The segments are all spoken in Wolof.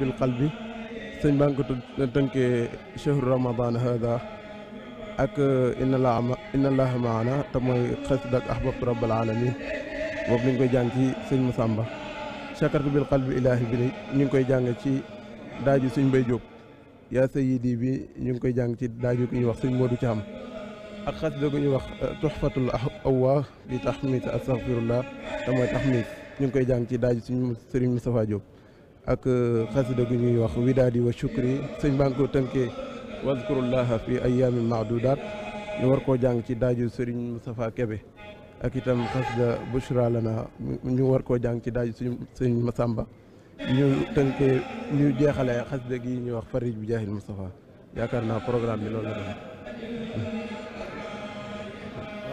bil qalbi sëñ baa ngi ko tënkee chahru ramadan hada ak inna uh, laa inna allaha mooy xasida ak ahbabtu rabbal alamin boobu ñu koy jàng ci sëñ mu Masamba chakartu bil qalbi ilaahi bi ñu ngi koy jàng ci daaju sëñ Mbay Jóob yaa sayyidi bi ñu ngi koy jàng ci daaju ku ñuy wax sëñ Moodu Caam ak xasida gu ñuy wax uh, tuxfatul awwaa bi taxmiit astaghfirullah te mooy taxmiit ñu ngi koy jàng ci daaju suñ sëriñ Moustapha Diop ak euh, xasida gu ñuy wax widaadi wa shukri sëñ baa ngi ko tënkee wazkurullaha fi ayaamin maadudaat ñu war koo jàng ci daaju sëriñ Moustapha Kebe ak itam xasida bushra lana ñu war koo jàng ci daaju suñ sëriñ Masamba ñu tënkee ñu jeexale xasida gi ñuy wax farij bi jaahil Moustapha yaakaar naa programme bi loolu la doon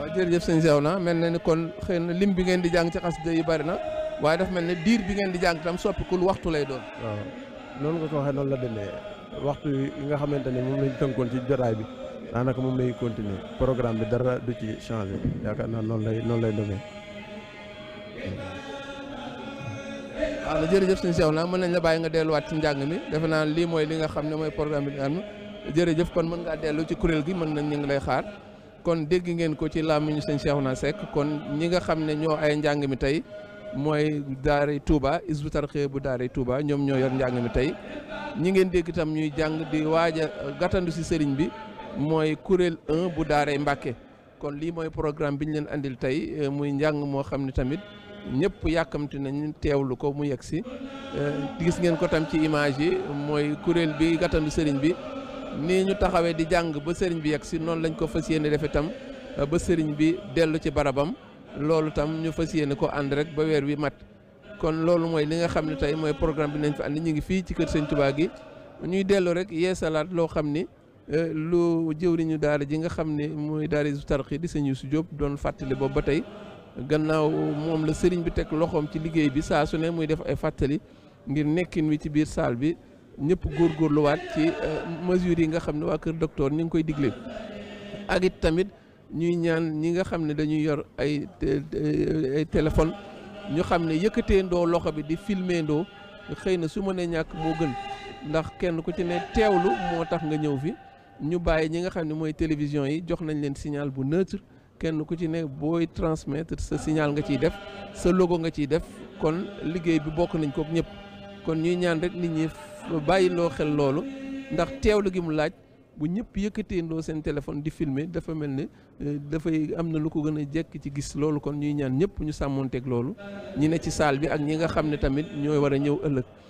waaw jërëjëf sëñ Zewna mel na ni kon xëy na lim bi ngeen di jàng ci xasida yi bari na waaye dafa mel ni diir bi ngeen di jàng tam soppikul waxtu lay doon. waaw noonu nga ko waxee noonu la demee waxtu yi nga xamante ne moom lañ tënkoon ci jotaay bi daanaka moom lay continuer programme bi dara du ci changer yaakaar naa noonu lay noonu lay demee. waaw jërëjëf sëñ Cheikh naa mën nañ la bàyyi nga delluwaat ci njàng mi defe naa li nga xam mooy programme bi am jërëjëf kon mën ngaa dellu ci kuréel gi mën nañ ñu ngi lay xaar kon dégg ngeen ko ci làmmiñu sëñ Cheikh naa Seck kon ñi nga xam ne ñoo ay njàng mi tey mooy daaray Touba Hizbut Tarqiyyah bu daaray Touba ñoom ñoo yor njàng mi tey ñi ngeen dégg itam ñuy jàng di waaj a gàttandu si sëriñ bi mooy kuréel 1 bu daaray Mbàkke kon lii mooy programme bi ñu leen andil tey euh, muy njàng moo xam ne tamit ñëpp yàkkamti nañu teewlu ko mu yegg si euh, gis ngeen ko tam ci image yi mooy kuréel bi gàttandu sëriñ bi nii ñu taxawee di jàng ba sëriñ bi yegg si noonu lañ ko fas yéene def itam euh, ba sëriñ bi dellu ci barabam loolu tam ñu fas yéene ko ànd rek ba weer wi mat kon loolu mooy li nga xam ne tey mooy programme bi nañ fi ànd ñu ngi fii ci kër sëñ Tuubaa gi ñuy dellu rek yeesalaat loo xam ni eh, lu jëwriñu daara ji nga xam ne mooy daara su tarxi di sëñ su Diop doon fàttali boobu ba tey gannaaw moom la sëriñ bi teg loxoom ci liggéey bi saa su ne muy def ay fàttali ngir nekkin wi ci biir saal bi ñëpp góorgóorluwaat ci eh, mesures yi nga xam ne waa kër docteur ñu ngi koy digle tamit. ñuy ñaan ñi nga xam ne dañuy yor ay ay téléphone ñu xam ne yëkkatee ndoo loxo bi di filmer ndoo xëy na su ma ñàkk moo gën ndax kenn ku ci ne teewlu moo tax nga ñëw fi ñu bàyyi ñi nga xam ne mooy télévision yi jox nañ leen signal bu neutre kenn ku ci ne booy transmettre sa signal nga ciy def sa logo nga ciy def kon liggéey bi bokk nañ kook ñëpp kon ñuy ñaan rek nit ñi bàyyi loo xel loolu ndax teewlu gi mu laaj. bu ñëpp yëkkateendoo seen téléphone di filmer dafa mel ne euh, dafay am na lu ko gën a jekk ci gis loolu kon ñuy ñaan ñëpp ñu sàmmonteeg loolu ñi ne ci saal bi ak ñi nga xam ne tamit ñooy war a ñëw ëllëg